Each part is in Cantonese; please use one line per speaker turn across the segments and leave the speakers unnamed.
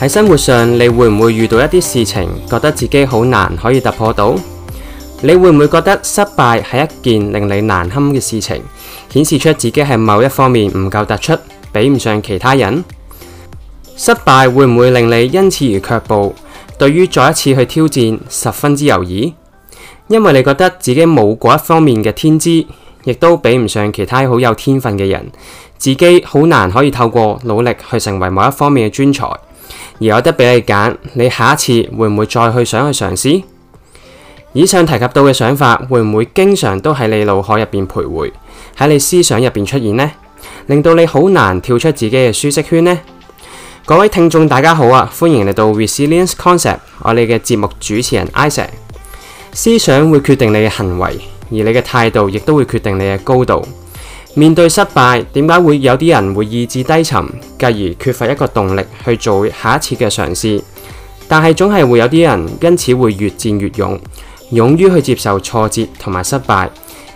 喺生活上，你會唔會遇到一啲事情，覺得自己好難可以突破到？你會唔會覺得失敗係一件令你難堪嘅事情，顯示出自己係某一方面唔夠突出，比唔上其他人？失敗會唔會令你因此而卻步，對於再一次去挑戰十分之猶豫？因為你覺得自己冇嗰一方面嘅天資，亦都比唔上其他好有天分嘅人，自己好難可以透過努力去成為某一方面嘅專才。而有得俾你揀，你下一次會唔會再去想去嘗試？以上提及到嘅想法，會唔會經常都喺你腦海入邊徘徊，喺你思想入邊出現呢？令到你好難跳出自己嘅舒適圈呢？各位聽眾大家好啊，歡迎嚟到 Resilience Concept，我哋嘅節目主持人 Isaac。思想會決定你嘅行為，而你嘅態度亦都會決定你嘅高度。面對失敗，點解會有啲人會意志低沉，繼而缺乏一個動力去做下一次嘅嘗試？但係總係會有啲人因此會越戰越勇，勇於去接受挫折同埋失敗，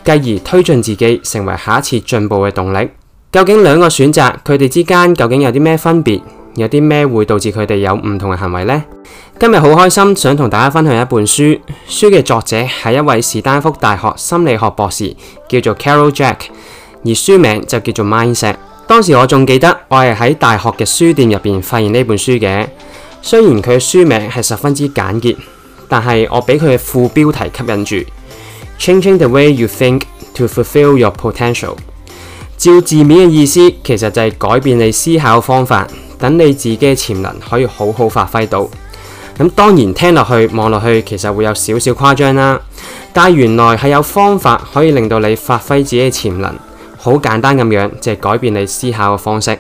繼而推進自己成為下一次進步嘅動力。究竟兩個選擇，佢哋之間究竟有啲咩分別？有啲咩會導致佢哋有唔同嘅行為呢？今日好開心，想同大家分享一本書，書嘅作者係一位士丹福大學心理學博士，叫做 Carol Jack。而書名就叫做《Mindset》。當時我仲記得，我係喺大學嘅書店入邊發現呢本書嘅。雖然佢書名係十分之簡潔，但係我俾佢嘅副標題吸引住，Changing the way you think to fulfil your potential。照字面嘅意思，其實就係改變你思考方法，等你自己嘅潛能可以好好發揮到。咁當然聽落去，望落去，其實會有少少誇張啦。但係原來係有方法可以令到你發揮自己嘅潛能。好簡單咁樣，就係改變你思考嘅方式。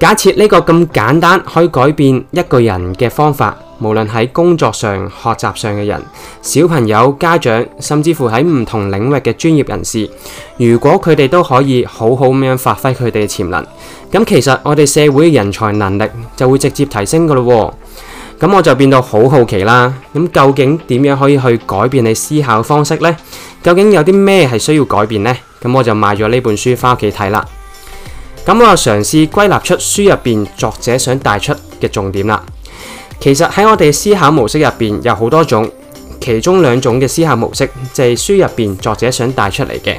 假設呢個咁簡單可以改變一個人嘅方法，無論喺工作上、學習上嘅人、小朋友、家長，甚至乎喺唔同領域嘅專業人士，如果佢哋都可以好好咁樣發揮佢哋嘅潛能，咁其實我哋社會嘅人才能力就會直接提升噶咯。咁我就變到好好奇啦。咁究竟點樣可以去改變你思考方式呢？究竟有啲咩係需要改變呢？咁我就買咗呢本書翻屋企睇啦。咁我又嘗試歸納出書入邊作者想帶出嘅重點啦。其實喺我哋思考模式入邊有好多種，其中兩種嘅思考模式就係書入邊作者想帶出嚟嘅。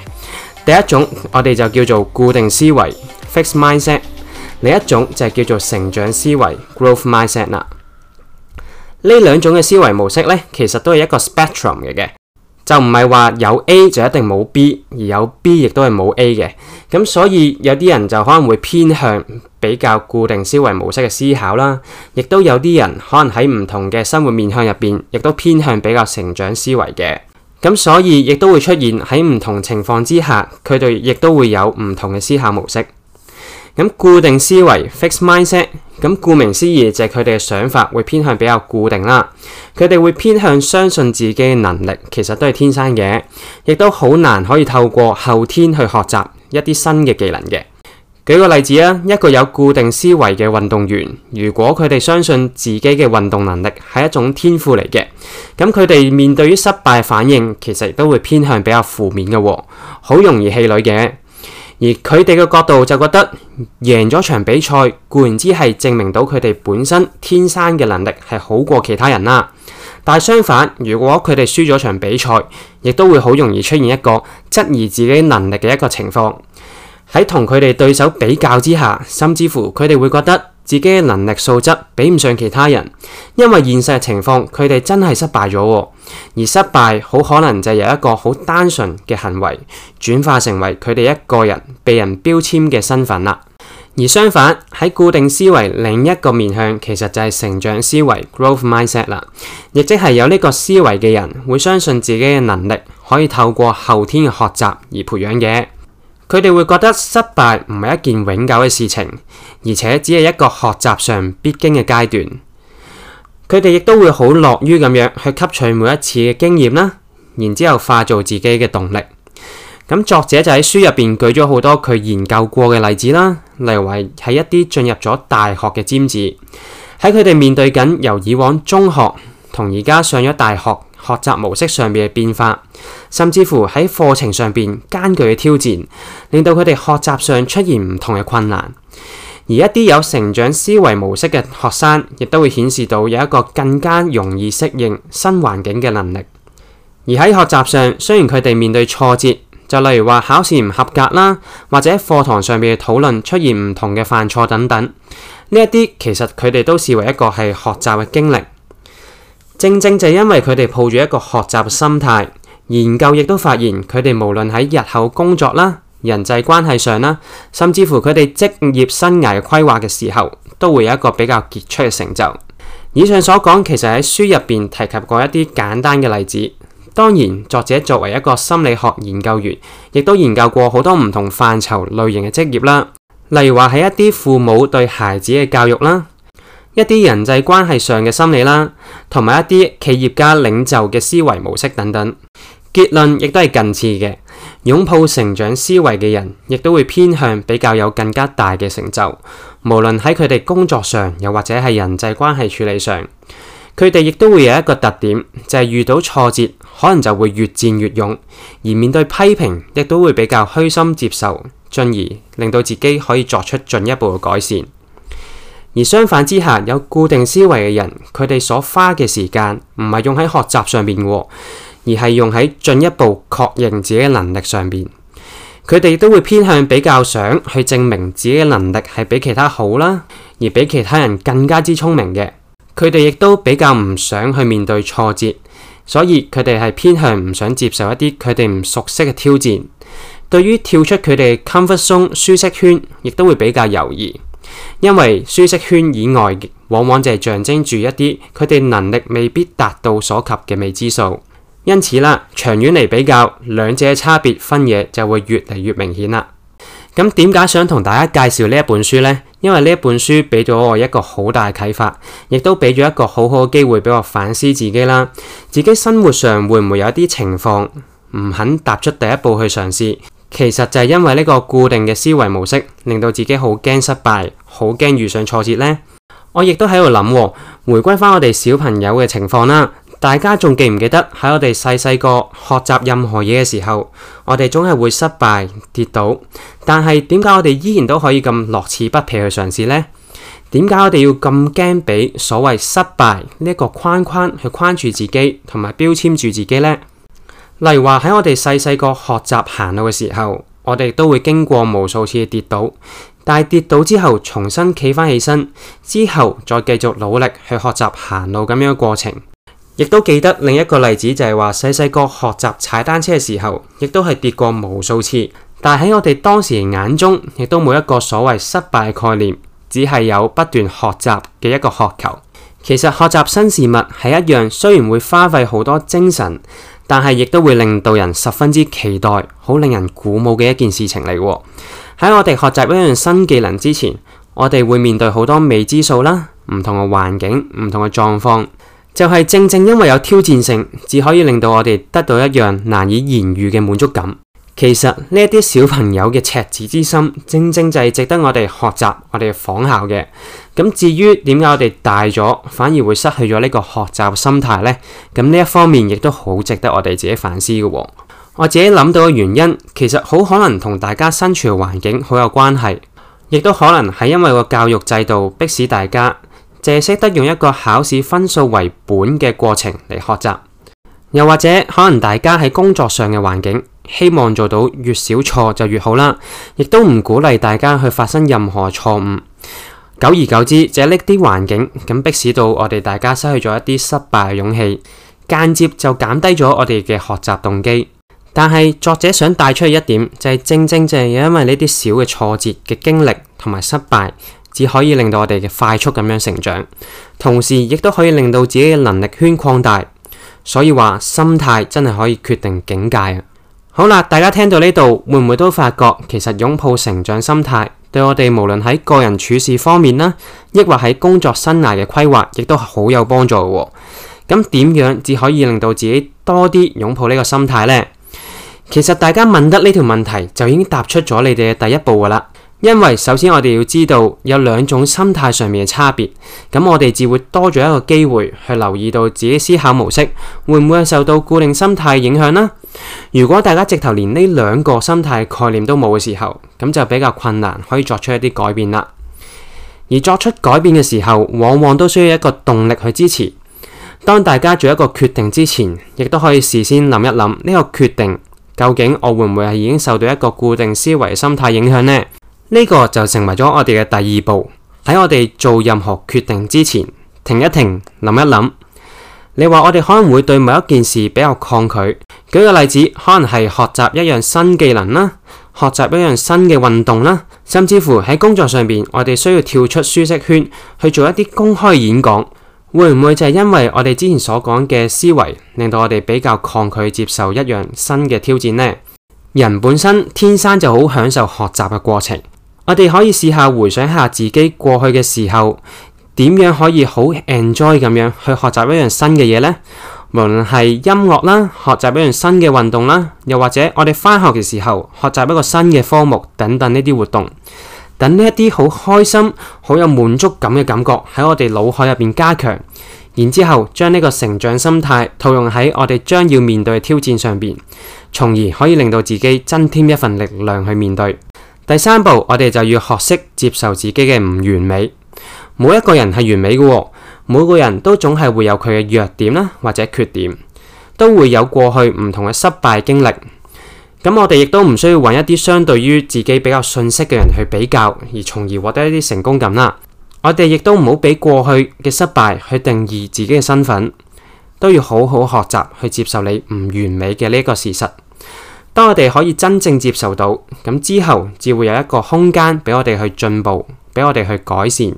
第一種我哋就叫做固定思維 （fixed mindset），另一種就係叫做成長思維 （growth mindset） 啦。呢兩種嘅思維模式呢，其實都係一個 spectrum 嚟嘅。就唔係話有 A 就一定冇 B，而有 B 亦都係冇 A 嘅。咁所以有啲人就可能會偏向比較固定思維模式嘅思考啦，亦都有啲人可能喺唔同嘅生活面向入面，亦都偏向比較成長思維嘅。咁所以亦都會出現喺唔同情況之下，佢哋亦都會有唔同嘅思考模式。咁固定思維 fix mindset，咁顧名思義就係佢哋嘅想法會偏向比較固定啦。佢哋會偏向相信自己嘅能力其實都係天生嘅，亦都好難可以透過後天去學習一啲新嘅技能嘅。舉個例子啊，一個有固定思維嘅運動員，如果佢哋相信自己嘅運動能力係一種天賦嚟嘅，咁佢哋面對於失敗反應其實都會偏向比較負面嘅喎，好容易氣餒嘅。而佢哋嘅角度就覺得贏咗場比賽固然之係證明到佢哋本身天生嘅能力係好過其他人啦，但係相反，如果佢哋輸咗場比賽，亦都會好容易出現一個質疑自己能力嘅一個情況。喺同佢哋對手比較之下，甚至乎佢哋會覺得。自己嘅能力素質比唔上其他人，因為現實情況，佢哋真係失敗咗，而失敗好可能就由一個好單純嘅行為轉化成為佢哋一個人被人標籤嘅身份啦。而相反喺固定思維另一個面向，其實就係成長思維 （growth mindset） 啦，亦即係有呢個思維嘅人會相信自己嘅能力可以透過後天嘅學習而培養嘅。佢哋會覺得失敗唔係一件永久嘅事情，而且只係一個學習上必經嘅階段。佢哋亦都會好樂於咁樣去吸取每一次嘅經驗啦，然之後化做自己嘅動力。咁作者就喺書入邊舉咗好多佢研究過嘅例子啦，例如係一啲進入咗大學嘅尖子，喺佢哋面對緊由以往中學同而家上咗大學。學習模式上面嘅變化，甚至乎喺課程上邊艱巨嘅挑戰，令到佢哋學習上出現唔同嘅困難。而一啲有成長思維模式嘅學生，亦都會顯示到有一個更加容易適應新環境嘅能力。而喺學習上，雖然佢哋面對挫折，就例如話考試唔合格啦，或者課堂上面嘅討論出現唔同嘅犯錯等等，呢一啲其實佢哋都視為一個係學習嘅經歷。正正就係因為佢哋抱住一個學習心態，研究亦都發現佢哋無論喺日後工作啦、人際關係上啦，甚至乎佢哋職業生涯規劃嘅時候，都會有一個比較傑出嘅成就。以上所講其實喺書入邊提及過一啲簡單嘅例子。當然，作者作為一個心理學研究員，亦都研究過好多唔同範疇類型嘅職業啦，例如話喺一啲父母對孩子嘅教育啦。一啲人際關係上嘅心理啦，同埋一啲企業家領袖嘅思維模式等等，結論亦都係近似嘅。擁抱成長思維嘅人，亦都會偏向比較有更加大嘅成就。無論喺佢哋工作上，又或者係人際關係處理上，佢哋亦都會有一個特點，就係遇到挫折可能就會越戰越勇，而面對批評亦都會比較虛心接受，進而令到自己可以作出進一步嘅改善。而相反之下，有固定思維嘅人，佢哋所花嘅時間唔係用喺學習上面，而係用喺進一步確認自己嘅能力上面。佢哋都會偏向比較想去證明自己嘅能力係比其他好啦，而比其他人更加之聰明嘅。佢哋亦都比較唔想去面對挫折，所以佢哋係偏向唔想接受一啲佢哋唔熟悉嘅挑戰。對於跳出佢哋 comfort zone 舒適圈，亦都會比較猶豫。因為舒適圈以外，往往就係象徵住一啲佢哋能力未必達到所及嘅未知數。因此啦，長遠嚟，比較，兩者嘅差別分野就會越嚟越明顯啦。咁點解想同大家介紹呢一本書呢？因為呢一本書俾咗我一個好大嘅啟發，亦都俾咗一個好好嘅機會俾我反思自己啦。自己生活上會唔會有一啲情況唔肯踏出第一步去嘗試？其實就係因為呢個固定嘅思維模式，令到自己好驚失敗，好驚遇上挫折呢。我亦都喺度諗，回歸翻我哋小朋友嘅情況啦。大家仲記唔記得喺我哋細細個學習任何嘢嘅時候，我哋總係會失敗跌倒。但係點解我哋依然都可以咁樂此不疲去嘗試呢？點解我哋要咁驚俾所謂失敗呢個框框去框住自己，同埋標籤住自己呢？例如話喺我哋細細個學習行路嘅時候，我哋都會經過無數次跌倒，但係跌倒之後重新企翻起身之後，再繼續努力去學習行路咁樣嘅過程，亦都記得另一個例子就係話細細個學習踩單車嘅時候，亦都係跌過無數次，但係喺我哋當時眼中，亦都冇一個所謂失敗概念，只係有不斷學習嘅一個渴求。其實學習新事物係一樣，雖然會花費好多精神，但係亦都會令到人十分之期待，好令人鼓舞嘅一件事情嚟。喺我哋學習一樣新技能之前，我哋會面對好多未知數啦，唔同嘅環境，唔同嘅狀況，就係正正因為有挑戰性，只可以令到我哋得到一樣難以言喻嘅滿足感。其實呢一啲小朋友嘅赤子之心，正正就係值得我哋學習，我哋仿效嘅。咁至於點解我哋大咗反而會失去咗呢個學習心態呢？咁呢一方面亦都好值得我哋自己反思嘅。我自己諗到嘅原因，其實好可能同大家身處嘅環境好有關係，亦都可能係因為個教育制度迫使大家淨係識得用一個考試分數為本嘅過程嚟學習，又或者可能大家喺工作上嘅環境。希望做到越少錯就越好啦，亦都唔鼓勵大家去發生任何錯誤。久而久之，這呢啲環境咁迫使到我哋大家失去咗一啲失敗嘅勇氣，間接就減低咗我哋嘅學習動機。但係作者想帶出去一點，就係正正就係因為呢啲小嘅挫折嘅經歷同埋失敗，只可以令到我哋嘅快速咁樣成長，同時亦都可以令到自己嘅能力圈擴大。所以話心態真係可以決定境界。好啦，大家聽到呢度，會唔會都發覺其實擁抱成長心態，對我哋無論喺個人處事方面啦，抑或喺工作生涯嘅規劃，亦都好有幫助嘅。咁點樣至可以令到自己多啲擁抱呢個心態呢？其實大家問得呢條問題，就已經踏出咗你哋嘅第一步噶啦。因為首先，我哋要知道有兩種心態上面嘅差別。咁我哋只會多咗一個機會去留意到自己思考模式會唔會係受到固定心態影響呢。如果大家直頭連呢兩個心態概念都冇嘅時候，咁就比較困難，可以作出一啲改變啦。而作出改變嘅時候，往往都需要一個動力去支持。當大家做一個決定之前，亦都可以事先諗一諗呢個決定究竟我會唔會係已經受到一個固定思維心態影響呢？呢個就成為咗我哋嘅第二步。喺我哋做任何決定之前停一停，諗一諗。你話我哋可能會對某一件事比較抗拒。舉個例子，可能係學習一樣新技能啦，學習一樣新嘅運動啦，甚至乎喺工作上邊，我哋需要跳出舒適圈去做一啲公開演講，會唔會就係因為我哋之前所講嘅思維令到我哋比較抗拒接受一樣新嘅挑戰呢？人本身天生就好享受學習嘅過程。我哋可以試下回想下自己過去嘅時候，點樣可以好 enjoy 咁樣去學習一樣新嘅嘢呢？無論係音樂啦，學習一樣新嘅運動啦，又或者我哋翻學嘅時候學習一個新嘅科目等等呢啲活動，等呢一啲好開心、好有滿足感嘅感覺喺我哋腦海入邊加強，然之後將呢個成長心態套用喺我哋將要面對嘅挑戰上邊，從而可以令到自己增添一份力量去面對。第三步，我哋就要學識接受自己嘅唔完美。每一個人係完美嘅，每個人都總係會有佢嘅弱點啦，或者缺點，都會有過去唔同嘅失敗經歷。咁我哋亦都唔需要揾一啲相對於自己比較遜色嘅人去比較，而從而獲得一啲成功感啦。我哋亦都唔好俾過去嘅失敗去定義自己嘅身份，都要好好學習去接受你唔完美嘅呢個事實。當我哋可以真正接受到，咁之後至會有一個空間俾我哋去進步，俾我哋去改善。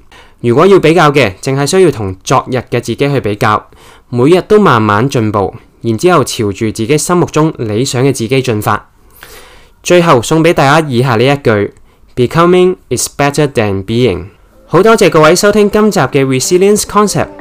如果要比較嘅，淨係需要同昨日嘅自己去比較，每日都慢慢進步，然之後朝住自己心目中理想嘅自己進發。最後送俾大家以下呢一句：Becoming is better than being。好多謝各位收聽今集嘅 Resilience Concept。